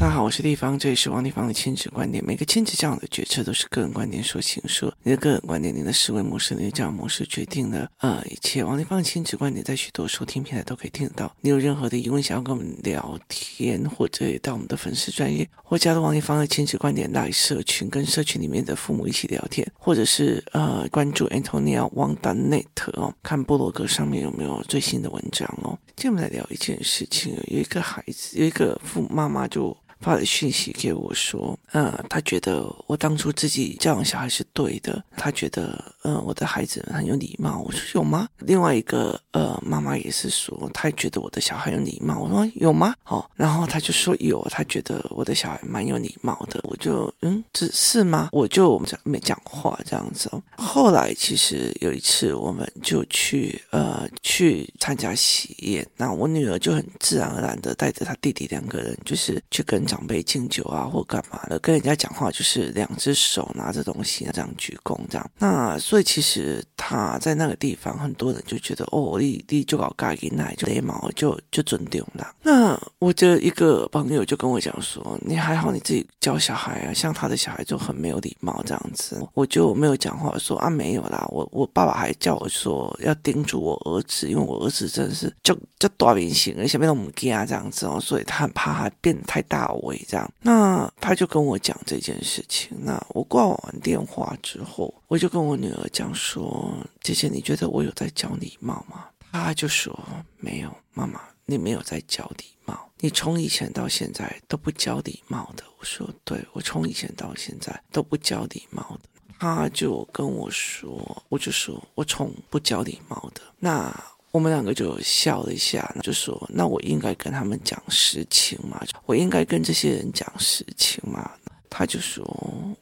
大家好，我是麗芳，這裡是王麗芳的親子觀點。每個親子教養的決策都是個人觀點所形塑。你的個人觀點、你的思維模式、你的教養模式決定了呃一切。王麗芳的親子觀點在許多收聽平台都可以聽得到。你有任何的疑問，想要跟我們聊天，或者到我們的粉絲專頁，或加入王麗芳的親子觀點來社群，跟社群裡面的父母一起聊天，或者是呃關注 Antonia Wang dot Net 哦，看部落格上面有沒有最新的文章哦。今天我們來聊一件事情，有一個孩子，有一個父母媽媽就。發了訊息給我，說，嗯，他覺得我當初自己教養小孩是對的。他覺得，嗯，我的孩子很有禮貌。我說有嗎？另外一個，呃、嗯，媽媽也是說，她覺得我的小孩有禮貌。我說有嗎？好，然後他就說有，他覺得我的小孩蠻有禮貌的。我就，嗯，只是嗎？我就沒講話這樣子。後來其實有一次，我們就去，呃，去參加喜宴。那我女兒就很自然而然的帶着她弟弟兩個人，就是去跟。長輩敬酒啊，或幹嘛的，跟人家講話就是兩隻手拿着東西，這樣鞠躬這樣。那所以其實他在那個地方，很多人就覺得哦，你你就搞蓋喱奶，就禮貌，就就尊丟啦。那我這一個朋友就跟我講說，你還好你自己教小孩啊，像他的小孩就很沒有禮貌這樣子。我，我就沒有講話說啊沒有啦，我我爸爸還叫我說要叮囑我兒子，因為我兒子真的是就就多明形，而且變成母雞啊這樣子哦，所以他很怕他變得太大哦。那他就跟我講這件事情。那我掛完電話之後，我就跟我女兒講說：“姐姐，你覺得我有在教禮貌嗎？”她就說：“沒有，媽媽，你沒有在教禮貌，你從以前到現在都不教禮貌的。”我說：“對，我從以前到現在都不教禮貌的。”她就跟我說：“我就說，我從不教禮貌的。”那。我們兩個就笑了一下，就說：“那我應該跟他們講實情嗎？我應該跟這些人講實情嗎？”他就說：“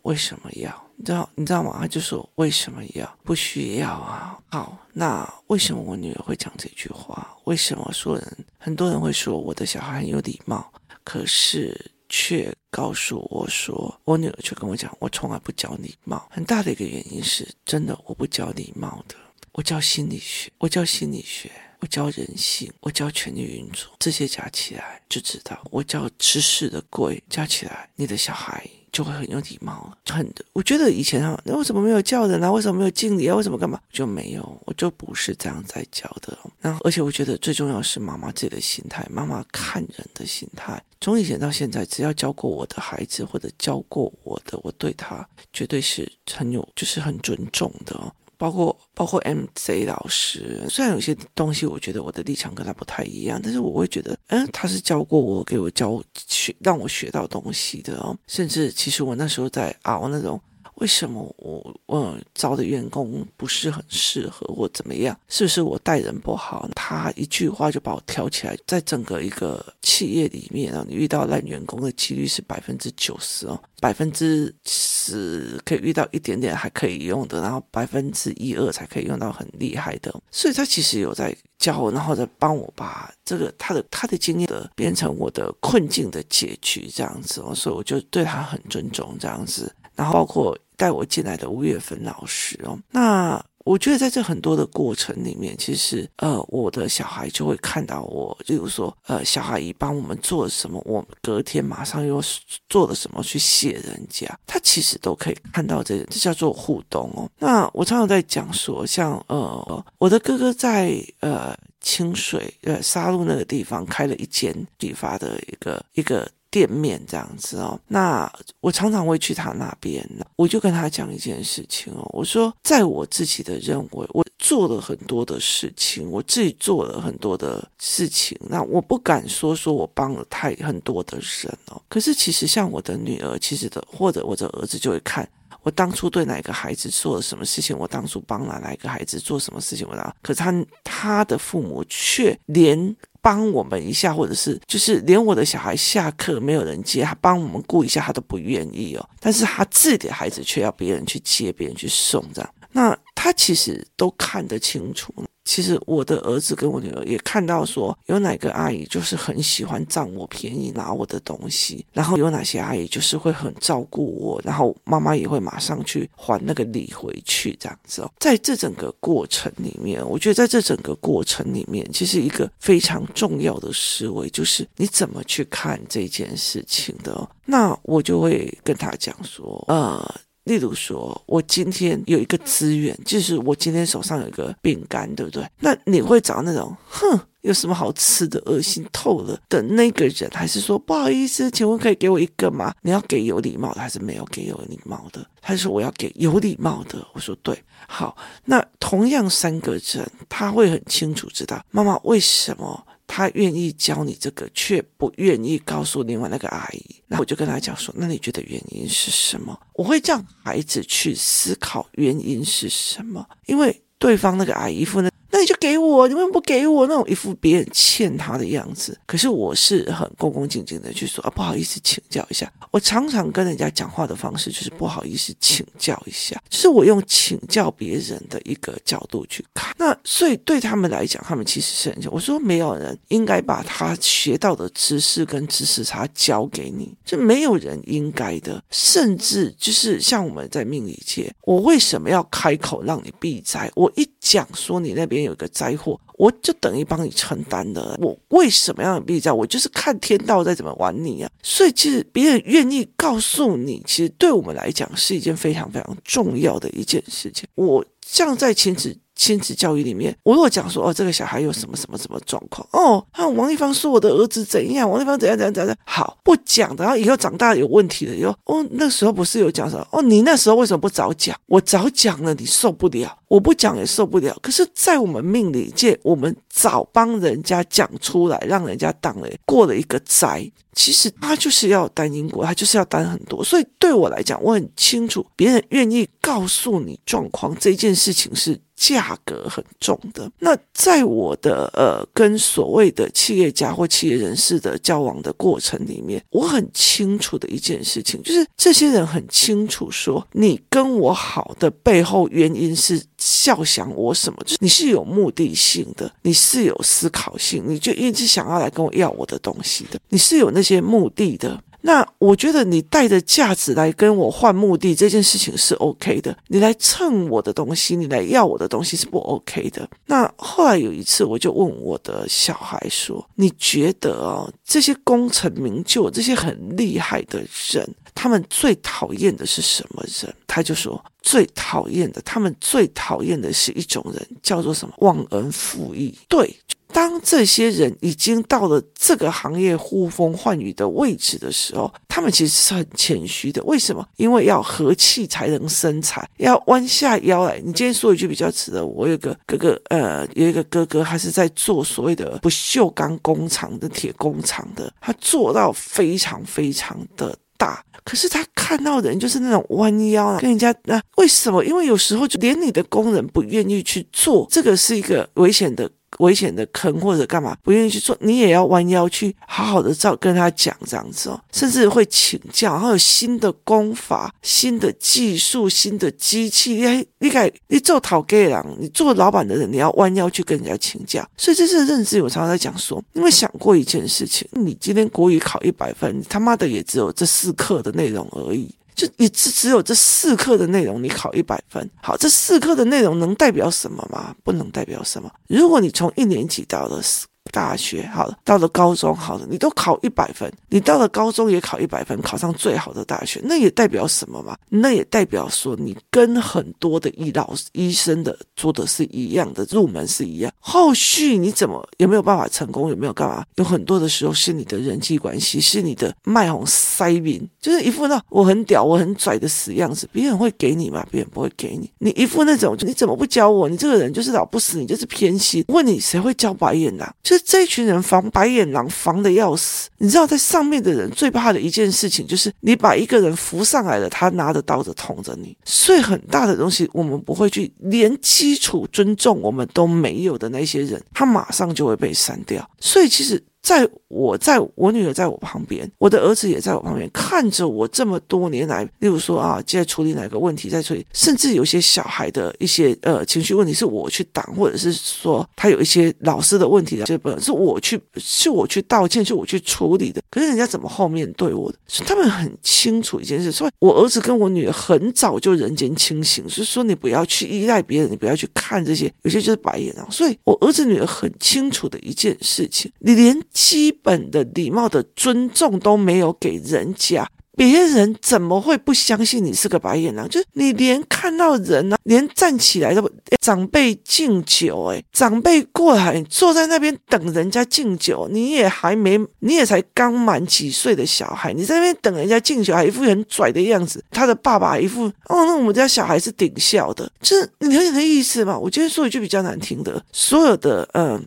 為什麼要？你知道，你知道嗎？”他就說：“為什麼要？不需要啊。”好，那為什麼我女兒會講這句話？為什麼說人，很多人會說我的小孩很有禮貌，可是卻告訴我說，我女兒卻跟我講，我從來不教禮貌。很大的一個原因是，真的我不教禮貌的。我教心理學，我教心理學，我教人性，我教權力運作，這些加起來就知道我教知識的貴。加起來，你的小孩就會很有禮貌了，很。我覺得以前啊，那為什麼沒有叫人啊？為什麼沒有敬禮啊？為什麼幹嘛？就沒有，我就不是這樣在教的。然後，而且我覺得最重要是媽媽自己的心態，媽媽看人的心態。從以前到現在，只要教過我的孩子或者教過我的，我對他絕對是很有，就是很尊重的。包括包括 M Z 老師，雖然有些東西我覺得我的立場跟他不太一樣，但是我會覺得，嗯、呃，他是教過我，給我教學，讓我學到東西的哦。甚至其實我那時候在熬、啊、那種。為什麼我我招的員工不是很適合我？或怎麼樣？是不是我待人不好？他一句話就把我挑起來。在整個一個企業裡面啊，然後你遇到爛員工的幾率是百分之九十哦，百分之十可以遇到一點點還可以用的，然後百分之一二才可以用到很厲害的。所以他其實有在教我，然後再幫我把這個他的他的經驗的變成我的困境的解決這樣子哦，所以我就對他很尊重這樣子。然後包括帶我進來的吳月芬老師哦，那我覺得在這很多的過程裡面，其實呃，我的小孩就會看到我，例如說呃，小阿姨幫我們做了什麼，我隔天馬上又做了什麼去謝人家，他其實都可以看到這這叫做互動哦。那我常常在講說，像呃，我的哥哥在呃清水、呃沙鹿那個地方開了一間理髮的一個一個。店面這樣子哦，那我常常會去他那邊，那我就跟他講一件事情哦，我說在我自己的認為，我做了很多的事情，我自己做了很多的事情，那我不敢說說我幫了太很多的人哦，可是其實像我的女兒，其實的或者我的兒子就會看。我當初對哪個孩子做了什麼事情？我當初幫了哪個孩子做什麼事情？我啊，可是他他的父母卻連幫我們一下，或者是就是連我的小孩下課沒有人接，他幫我們顧一下他都不願意哦。但是他自己的孩子卻要別人去接，別人去送這樣，那。他其實都看得清楚。其實我的兒子跟我女兒也看到說，有哪個阿姨就是很喜歡佔我便宜，拿我的東西；然後有哪些阿姨就是會很照顧我，然後媽媽也會馬上去還那個禮回去，這樣子哦。在這整個過程裡面，我覺得在這整個過程裡面，其實一個非常重要的思維就是你怎麼去看這件事情的哦。那我就會跟他講說，呃。例如說，我今天有一個資源，就是我今天手上有一個餅乾，對不對？那你會找那種哼，有什麼好吃的，噁心透了的那個人，還是說不好意思，請問可以給我一個嗎？你要給有禮貌的，還是沒有給有禮貌的？還是我要給有禮貌的？我說對，好，那同樣三個人，他會很清楚知道媽媽為什麼。他願意教你這個，卻不願意告訴另外那個阿姨。那我就跟他講說：“那你覺得原因是什麼？”我會叫孩子去思考原因是什麼，因為對方那個阿姨夫呢？那你就給我，你為什麼不給我那種一副別人欠他的樣子？可是我是很恭恭敬敬的去說啊，不好意思，請教一下。我常常跟人家講話的方式就是不好意思，請教一下，就是我用請教別人的一個角度去看。那所以對他們來講，他們其實是很……我說沒有人應該把他學到的知識跟知識他教給你，就沒有人應該的。甚至就是像我們在命理界，我為什麼要開口讓你避災？我一講說你那邊。有個災禍，我就等於幫你承擔了。我為什麼要避災？我就是看天道在怎麼玩你啊！所以，其實別人願意告訴你，其實對我們來講是一件非常非常重要的一件事情。我像在親子親子教育裡面，我如果講說哦，這個小孩有什麼什麼什麼狀況哦，那王麗芳說我的兒子怎樣，王麗芳怎樣怎樣怎樣好不講的，然後以後長大了有問題了又哦，那時候不是有講什麼哦，你那時候為什麼不早講？我早講了，你受不了。我不講也受不了。可是，在我們命理界，我們早幫人家講出來，讓人家當了過了一個災。其實他就是要擔因果，他就是要擔很多。所以對我來講，我很清楚，別人願意告訴你狀況這件事情是價格很重的。那在我的，呃，跟所謂的企業家或企業人士的交往的過程裡面，我很清楚的一件事情就是，這些人很清楚說，你跟我好的背後原因是。笑想我什麼？就是、你是有目的性的，你是有思考性，你就一直想要來跟我要我的東西的。你是有那些目的的。那我覺得你帶着價值來跟我換目的這件事情是 OK 的。你來蹭我的東西，你來要我的東西是不 OK 的。那後來有一次，我就問我的小孩說：“你覺得哦，這些功成名就、這些很厲害的人？”他們最討厭的是什麼人？他就說最討厭的，他們最討厭的是一種人，叫做什麼？忘恩負義。對，當這些人已經到了這個行業呼風喚雨的位置的時候，他們其實是很謙虛的。為什麼？因為要和氣才能生財，要彎下腰來。你今天說一句比較直的，我有個哥哥，呃，有一個哥哥還是在做所謂的不鏽鋼工廠的鐵工廠的，他做到非常非常的大。可是他看到人就是那種彎腰，啊，跟人家那、啊、為什麼？因為有時候就連你的工人不願意去做，這個是一個危險的。危險的坑或者幹嘛，不願意去做，你也要彎腰去好好的照跟他講這樣子哦，甚至會請教，還有新的功法、新的技術、新的機器，哎，你改，你做陶器人，你做老板的人，你要彎腰去跟人家請教。所以這是認知，我常常在講說，你們想過一件事情，你今天國語考一百分，你他媽的也只有這四課的內容而已。你只只有這四課的內容，你考一百分。好，這四課的內容能代表什麼嗎？不能代表什麼。如果你從一年級到了四。大學好了，到了高中好了，你都考一百分，你到了高中也考一百分，考上最好的大學，那也代表什麼嘛？那也代表說你跟很多的醫老醫生的做的是一樣的，入門是一樣。後續你怎麼也沒有辦法成功，有沒有干嘛？有很多的時候是你的人際關係，是你的賣紅塞賓，就是一副那我很屌，我很拽的死樣子，別人會給你嗎？別人不會給你。你一副那種你怎麼不教我？你這個人就是老不死，你就是偏心。問你誰會教白眼狼啊？就是。這一群人防白眼狼防的要死，你知道在上面的人最怕的一件事情就是你把一個人扶上來了，他拿着刀子捅着你。所以很大的東西，我們不會去連基礎尊重我們都沒有的那些人，他馬上就會被刪掉。所以其實。在我在我女兒在我旁邊，我的兒子也在我旁邊看着我這麼多年來，例如說啊，現在處理哪個問題，在處理，甚至有些小孩的一些呃情緒問題，是我去擋，或者是說他有一些老師的問題的，這本是我去，是我去道歉，是我去處理的。可是人家怎麼後面對我的？所以他們很清楚一件事，所以，我兒子跟我女兒很早就人間清醒，所以說你不要去依賴別人，你不要去看這些，有些就是白眼狼、啊。所以我兒子女兒很清楚的一件事情，你連。基本的禮貌的尊重都沒有給人家，別人怎麼會不相信你是個白眼狼？就是你連看到人啊，連站起來都不、欸、長輩敬酒、欸，哎，長輩過來坐在那邊等人家敬酒，你也還沒，你也才剛滿幾歲的小孩，你在那邊等人家敬酒還一副很拽的樣子，他的爸爸一副哦，那我們家小孩是頂孝的，就是你很有意思嘛？我今天說一句比較難聽的，所有的嗯。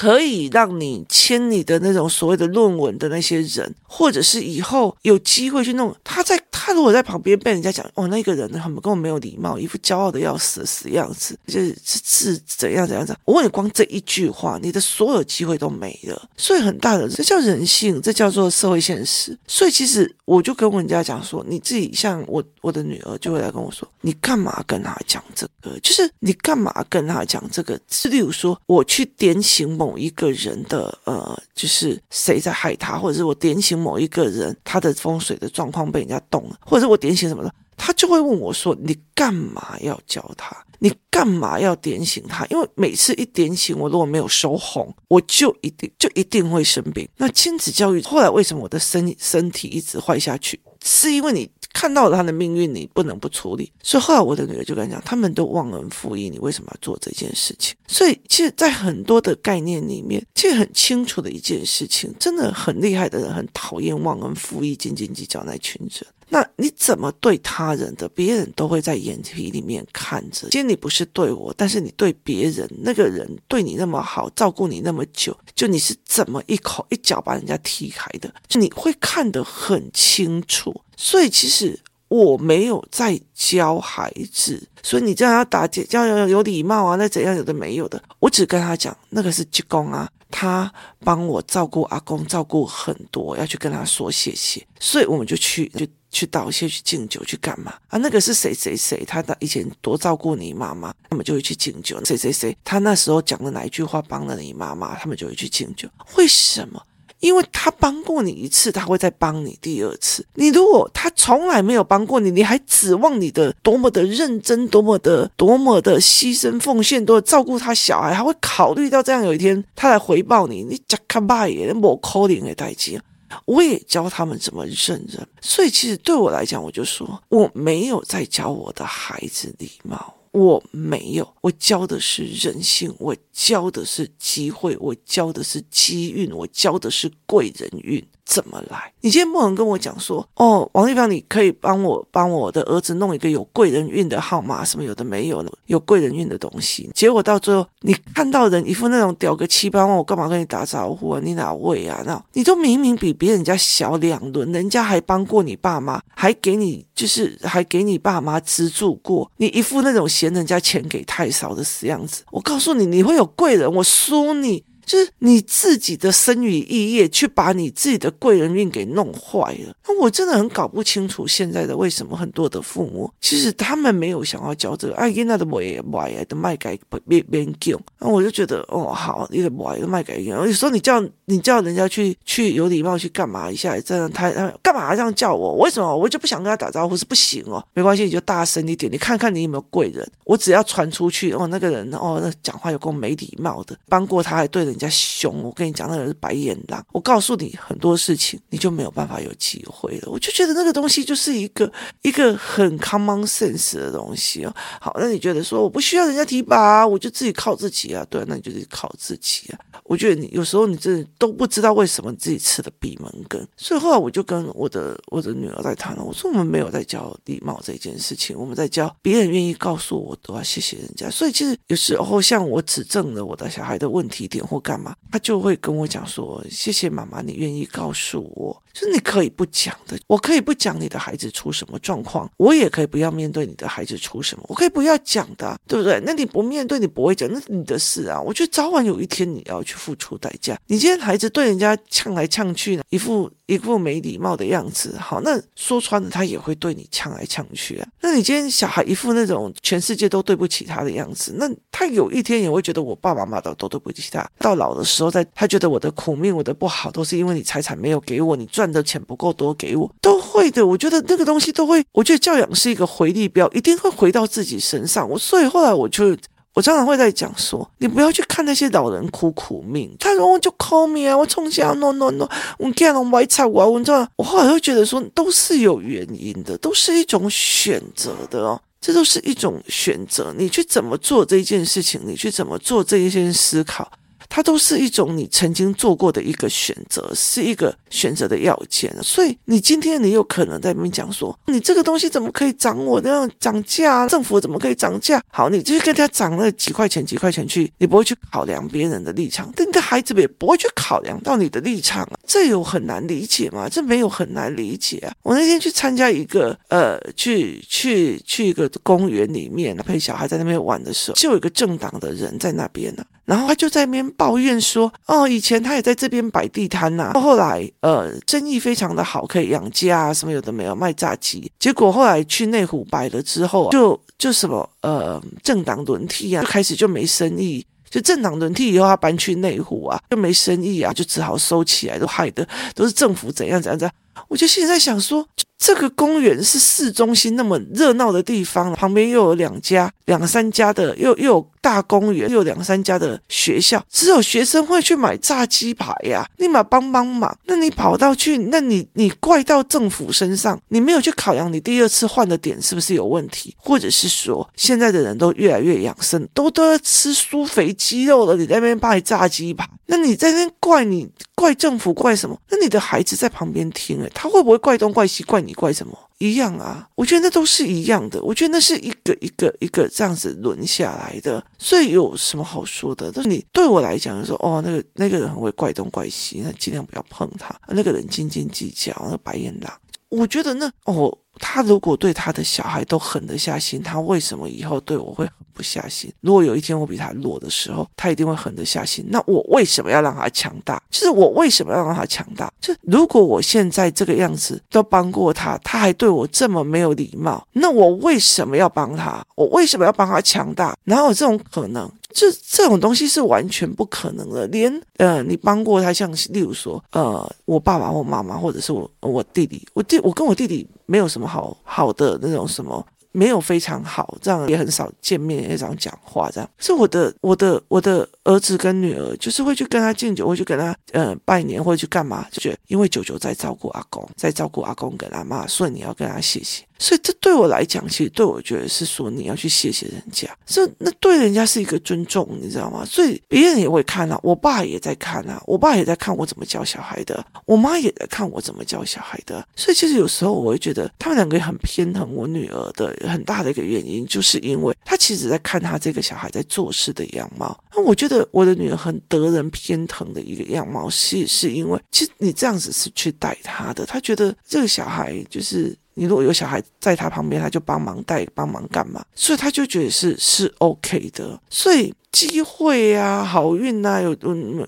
可以讓你簽你的那種所謂的論文的那些人，或者是以後有機會去弄，他在他如果在旁邊被人家講，哦，那個人很根本沒有禮貌，一副驕傲的要死死樣子，就是是是怎樣怎樣子？我問你，光這一句話，你的所有機會都沒了，所以很大的，這叫人性，這叫做社會現實。所以其實我就跟人家講說，你自己像我我的女兒就會來跟我說，你幹嘛跟他講這個？就是你幹嘛跟他講這個？是例如說我去點醒某。某一個人的呃，就是誰在害他，或者是我點醒某一個人，他的風水的狀況被人家動了，或者是我點醒什麼的，他就會問我說：“你幹嘛要教他？你幹嘛要點醒他？因為每次一點醒我，如果沒有收紅，我就一定就一定會生病。那親子教育後來為什麼我的身身體一直壞下去？是因為你。”看到了他的命運，你不能不處理。所以後來我的女兒就跟他講，他們都忘恩負義，你為什麼要做這件事情？所以其實，在很多的概念裡面，其實很清楚的一件事情，真的很厲害的人很討厭忘恩負義、斤斤計較那群人。那你怎麼對他人的，別人都會在眼皮裡面看着。既然你不是對我，但是你對別人，那個人對你那麼好，照顧你那麼久，就你是怎麼一口一腳把人家踢開的？就你會看得很清楚。所以其實我沒有在教孩子，所以你這樣要打結，要要有禮貌啊，那怎樣有的沒有的，我只跟他講那個是鞠躬啊，他幫我照顧阿公，照顧很多，要去跟他說謝謝。所以我們就去就。去道謝，去敬酒，去幹嘛啊？那個是誰誰誰？他以前多照顧你媽媽，他們就會去敬酒。誰誰誰？他那時候講的哪一句話幫了你媽媽？他們就會去敬酒。為什麼？因為他幫過你一次，他會再幫你第二次。你如果他從來沒有幫過你，你還指望你的多麼的認真，多麼的多麼的犧牲奉獻，多照顧他小孩，他會考慮到這樣有一天他來回報你？你這卡歹的，無可能的代誌。我也教他們怎麼認人，所以其實對我來講，我就說我沒有在教我的孩子禮貌，我沒有，我教的是人性，我教的是機會，我教的是機運，我教的是貴人運。怎麼來？你今天不能跟我講說，哦，王麗芳，你可以幫我幫我的兒子弄一個有貴人運的號碼，什麼有的沒有了，有貴人運的東西。結果到最後，你看到人一副那種屌個七八萬，我幹嘛跟你打招呼啊？你哪位啊？那你都明明比別人家小兩輪，人家還幫過你爸媽，還給你就是還給你爸媽資助過，你一副那種嫌人家錢給太少的死樣子。我告訴你，你會有貴人，我輸你。就是你自己的身語意業，去把你自己的貴人運給弄壞了。那我真的很搞不清楚現在的為什麼很多的父母，其實他們沒有想要教這個。哎，那的也不壞賣給別別人用。那我就覺得，哦，好，你的賣給別人用。有時候你叫你叫人家去去有禮貌去幹嘛一下這樣他，他他幹嘛這樣叫我？為什麼我就不想跟他打招呼是不行哦？沒關係，你就大聲一點，你看看你有沒有貴人。我只要傳出去哦，那個人哦，那講話有夠沒禮貌的，幫過他還對着。人家凶，我跟你講，那個人是白眼狼。我告訴你很多事情，你就沒有辦法有機會了。我就覺得那個東西就是一個一個很 common sense 的東西哦。好，那你覺得說我不需要人家提拔，我就自己靠自己啊？對啊，那你就是靠自己啊。我覺得你有時候你真的都不知道為什麼你自己吃的閉門羹。所以後來我就跟我的我的女兒在談了，我說我們沒有在教禮貌這件事情，我們在教別人願意告訴我都要、啊、謝謝人家。所以其實有時候像我指正了我的小孩的問題點或。幹嘛？他就會跟我講說：“謝謝媽媽，你願意告訴我。”是你可以不講的，我可以不講你的孩子出什麼狀況，我也可以不要面對你的孩子出什麼，我可以不要講的，對不對？那你不面對，你不會講，那是你的事啊，我覺得早晚有一天你要去付出代價。你今天孩子對人家嗆來嗆去呢，一副一副沒禮貌的樣子，好，那說穿了他也會對你嗆來嗆去啊。那你今天小孩一副那種全世界都對不起他的樣子，那他有一天也會覺得我爸爸媽媽都都對不起他。到老的時候在他覺得我的苦命，我的不好都是因為你財產沒有給我，你賺。的錢不夠多，給我都會的。我覺得那個東西都會，我覺得教養是一個回力鏢，一定會回到自己身上。我所以後來我就我常常會在講說，你不要去看那些老人苦苦命。他說我就 call me 啊，我從小 no no no，我干了歪菜，我我這我後來會覺得說，都是有原因的，都是一種選擇的哦，這都是一種選擇。你去怎麼做這一件事情，你去怎麼做這一些思考。它都是一種你曾經做過的一個選擇，是一個選擇的要件。所以你今天你有可能在那邊講說，你這個東西怎麼可以漲我？我的漲價啊，政府怎麼可以漲價？好，你就跟他漲了幾塊錢、幾塊錢去，你不會去考量別人的立場，但你的孩子也不會去考量到你的立場啊。這有很難理解嗎？這沒有很難理解啊。我那天去參加一個呃，去去去一個公園裡面陪小孩在那邊玩的時候，就有一個政黨的人在那邊呢，然後他就在那邊。抱怨說：“哦，以前他也在這邊擺地攤吶，啊，後來，呃，生意非常的好，可以養家，啊，什麼有的沒有賣炸雞。結果後來去內湖擺了之後，啊，就就什麼，呃，政黨輪替啊，就開始就沒生意。就政黨輪替以後，他搬去內湖啊，就沒生意啊，就只好收起來。都害得都是政府怎樣怎樣怎樣，我就現在想說，這個公園是市中心那麼熱鬧的地方，啊，旁邊又有兩家。”兩三家的又又有大公園，又有兩三家的學校，只有學生會去買炸雞排呀，啊，立馬幫幫忙。那你跑到去，那你你怪到政府身上，你沒有去考量你第二次換的點是不是有問題，或者是說現在的人都越來越養生，都都要吃舒肥雞肉了，你在那邊賣炸雞排，那你在那邊怪你怪政府怪什麼？那你的孩子在旁邊聽、欸，哎，他會不會怪東怪西怪你怪什麼？一樣啊，我覺得那都是一樣的，我覺得那是一個一個一個。這樣子輪下來的，所以有什麼好說的？但是你對我來講，就是，說哦，那個那個人很會怪東怪西，那盡量不要碰他。那個人斤斤計較，那白眼狼。我覺得那哦。他如果對他的小孩都狠得下心，他為什麼以後對我會狠不下心？如果有一天我比他弱的時候，他一定會狠得下心。那我為什麼要讓他強大？就是我為什麼要讓他強大？就如果我現在這個樣子都幫過他，他還對我這麼沒有禮貌，那我為什麼要幫他？我為什麼要幫他強大？哪有這種可能？就這種東西是完全不可能的。連呃，你幫過他，像例如說，呃，我爸爸或媽媽，或者是我我弟弟，我弟我跟我弟弟。沒有什麼好好的那種什麼，沒有非常好，這樣也很少見面，也很少講話，這樣是我的我的我的兒子跟女兒，就是會去跟他敬酒，會去跟他呃拜年，會去幹嘛，就覺得因為舅舅在照顧阿公，在照顧阿公跟阿媽，所以你要跟他謝謝。所以這對我來講，其實對我覺得是說你要去謝謝人家，這那對人家是一個尊重，你知道嗎？所以別人也會看到啊，我爸也在看啊，我爸也在看我怎麼教小孩的，我媽也在看我怎麼教小孩的。所以其實有時候我會覺得，他們兩個很偏疼我女兒的很大的一個原因，就是因為他其實在看他這個小孩在做事的樣貌。那我覺得我的女兒很得人偏疼的一個樣貌，是是因為其實你這樣子是去帶他的，他覺得這個小孩就是。你如果有小孩在他旁邊，他就幫忙帶，幫忙幹嘛？所以他就覺得是是 OK 的，所以。機會啊，好運啊，有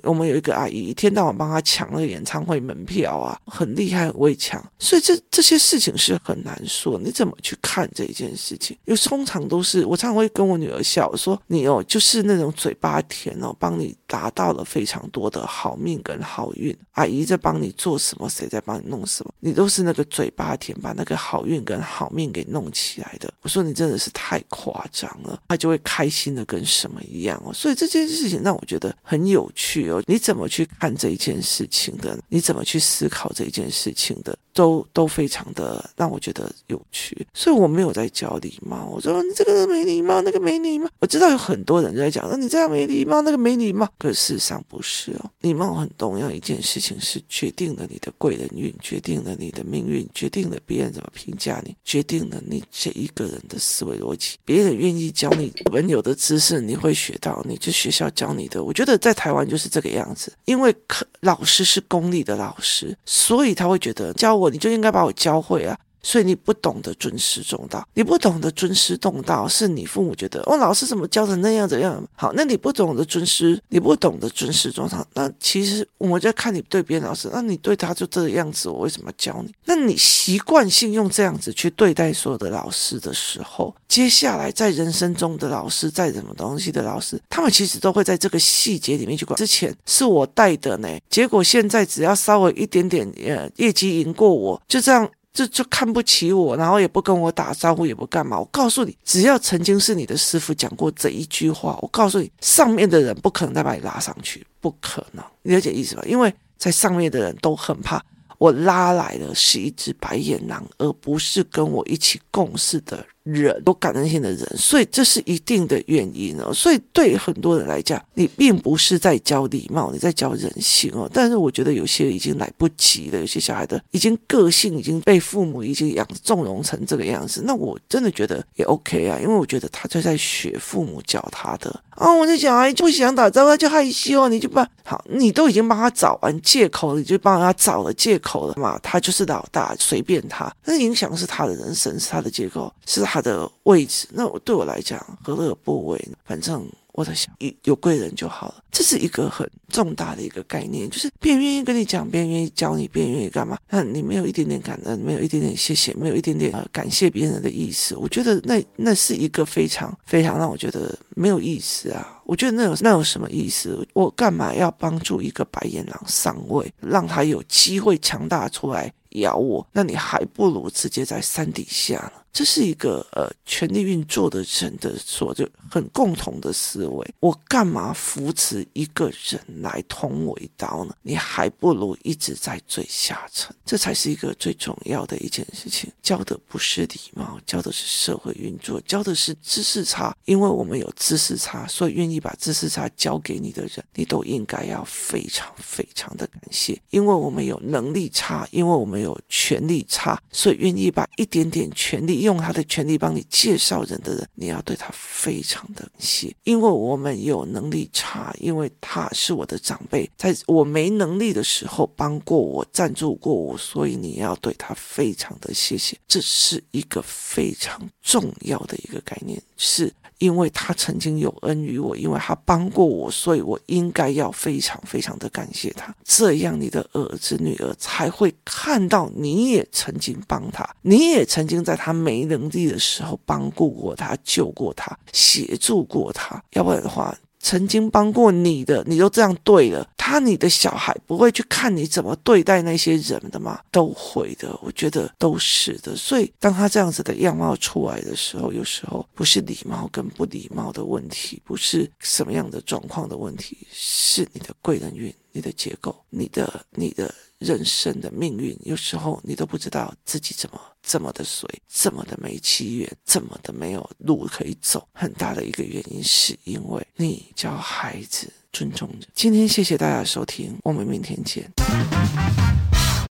我們有一個阿姨，一天到晚幫她搶那個演唱會門票啊，很厲害，很會搶。所以這這些事情是很難說，你怎麼去看這一件事情？因為通常都是我常常會跟我女兒笑，我說你哦，就是那種嘴巴甜哦，幫你達到了非常多的好命跟好運。阿姨在幫你做什麼？誰在幫你弄什麼？你都是那個嘴巴甜，把那個好運跟好命給弄起來的。我說你真的是太誇張了，她就會開心的跟什麼一樣。所以這件事情讓我覺得很有趣哦。你怎麼去看這一件事情的？你怎麼去思考這一件事情的？都都非常的讓我覺得有趣，所以我沒有在教禮貌。我說你這個人沒禮貌，那個沒禮貌。我知道有很多人在講，那你這樣沒禮貌，那個沒禮貌。可事實上不是哦，禮貌很重要，一件事情是決定了你的貴人運，決定了你的命運，決定了別人怎麼評價你，決定了你這一個人的思維邏輯。別人願意教你文有的知識，你會學到；你這學校教你的，我覺得在台灣就是這個樣子，因為老師是公立的老師，所以他會覺得教我。你就應該把我教會啊！所以你不懂得尊師重道，你不懂得尊師重道，是你父母覺得哦，老師怎麼教成那樣？怎樣好？那你不懂得尊師，你不懂得尊師重道，那其實我們就看你對別人老師，那你對他就這個樣子，我為什麼教你？那你習慣性用這樣子去對待所有的老師的時候，接下來在人生中的老師，在什麼東西的老師，他們其實都會在這個細節裡面去管。之前是我帶的呢，結果現在只要稍微一點點呃業績贏過我，我就這樣。就就看不起我，然後也不跟我打招呼，也不幹嘛。我告訴你，只要曾經是你的師傅講過這一句話，我告訴你，上面的人不可能再把你拉上去，不可能。你了解意思吧？因為在上面的人都很怕我拉來的是一隻白眼狼，而不是跟我一起共事的人。人有感恩心的人，所以這是一定的原因哦。所以對很多人來講，你並不是在教禮貌，你在教人性哦。但是我覺得有些已經來不及了，有些小孩的已經個性已經被父母已經養縱容成這個樣子。那我真的覺得也 OK 啊，因為我覺得他就在學父母教他的啊、哦。我就想啊，哎、就不想打招呼就害羞、哦，你就把，好，你都已經幫他找完借口了，你就幫他找了借口了嘛。他就是老大，隨便他。那影響是他的人生，是他的借口，是。他的位置，那我對我來講何樂不為？反正我在想，有有貴人就好了。這是一個很重大的一個概念，就是別人願意跟你講，別人願意教你，別人願意幹嘛？那你沒有一點點感恩，沒有一點點謝謝，沒有一點點呃感謝別人的意思，我覺得那那是一個非常非常讓我覺得沒有意思啊！我覺得那有那有什麼意思？我幹嘛要幫助一個白眼狼上位，讓他有機會強大出來咬我？那你還不如直接在山底下呢。這是一個呃，權力運作的人的所就很共同的思維。我幹嘛扶持一個人來捅我一刀呢？你還不如一直在最下層，這才是一個最重要的一件事情。教的不是禮貌，教的是社會運作，教的是知識差。因為我們有知識差，所以願意把知識差交給你的人，你都應該要非常非常的感謝。因為我們有能力差，因為我們有權力差，所以願意把一點點權力。用他的權利幫你介紹人的人，你要對他非常的謝謝，因為我們有能力差，因為他是我的長輩，在我沒能力的時候幫過我，贊助過我，所以你要對他非常的謝謝，這是一個非常重要的一個概念，是。因為他曾經有恩於我，因為他幫過我，所以我應該要非常非常的感謝他。這樣你的兒子女兒才會看到你也曾經幫他，你也曾經在他沒能力的時候幫過他，救過他，協助過他。要不然的話。曾經幫過你的，你都這樣對了他，你的小孩不會去看你怎麼對待那些人的嗎？都會的，我覺得都是的。所以當他這樣子的樣貌出來的時候，有時候不是禮貌跟不禮貌的問題，不是什麼樣的狀況的問題，是你的貴人運、你的結構、你的你的人生的命運。有時候你都不知道自己怎麼。這麼的水，這麼的沒契約，這麼的沒有路可以走，很大的一個原因是因為你教孩子尊重着。今天謝謝大家的收聽，我們明天見。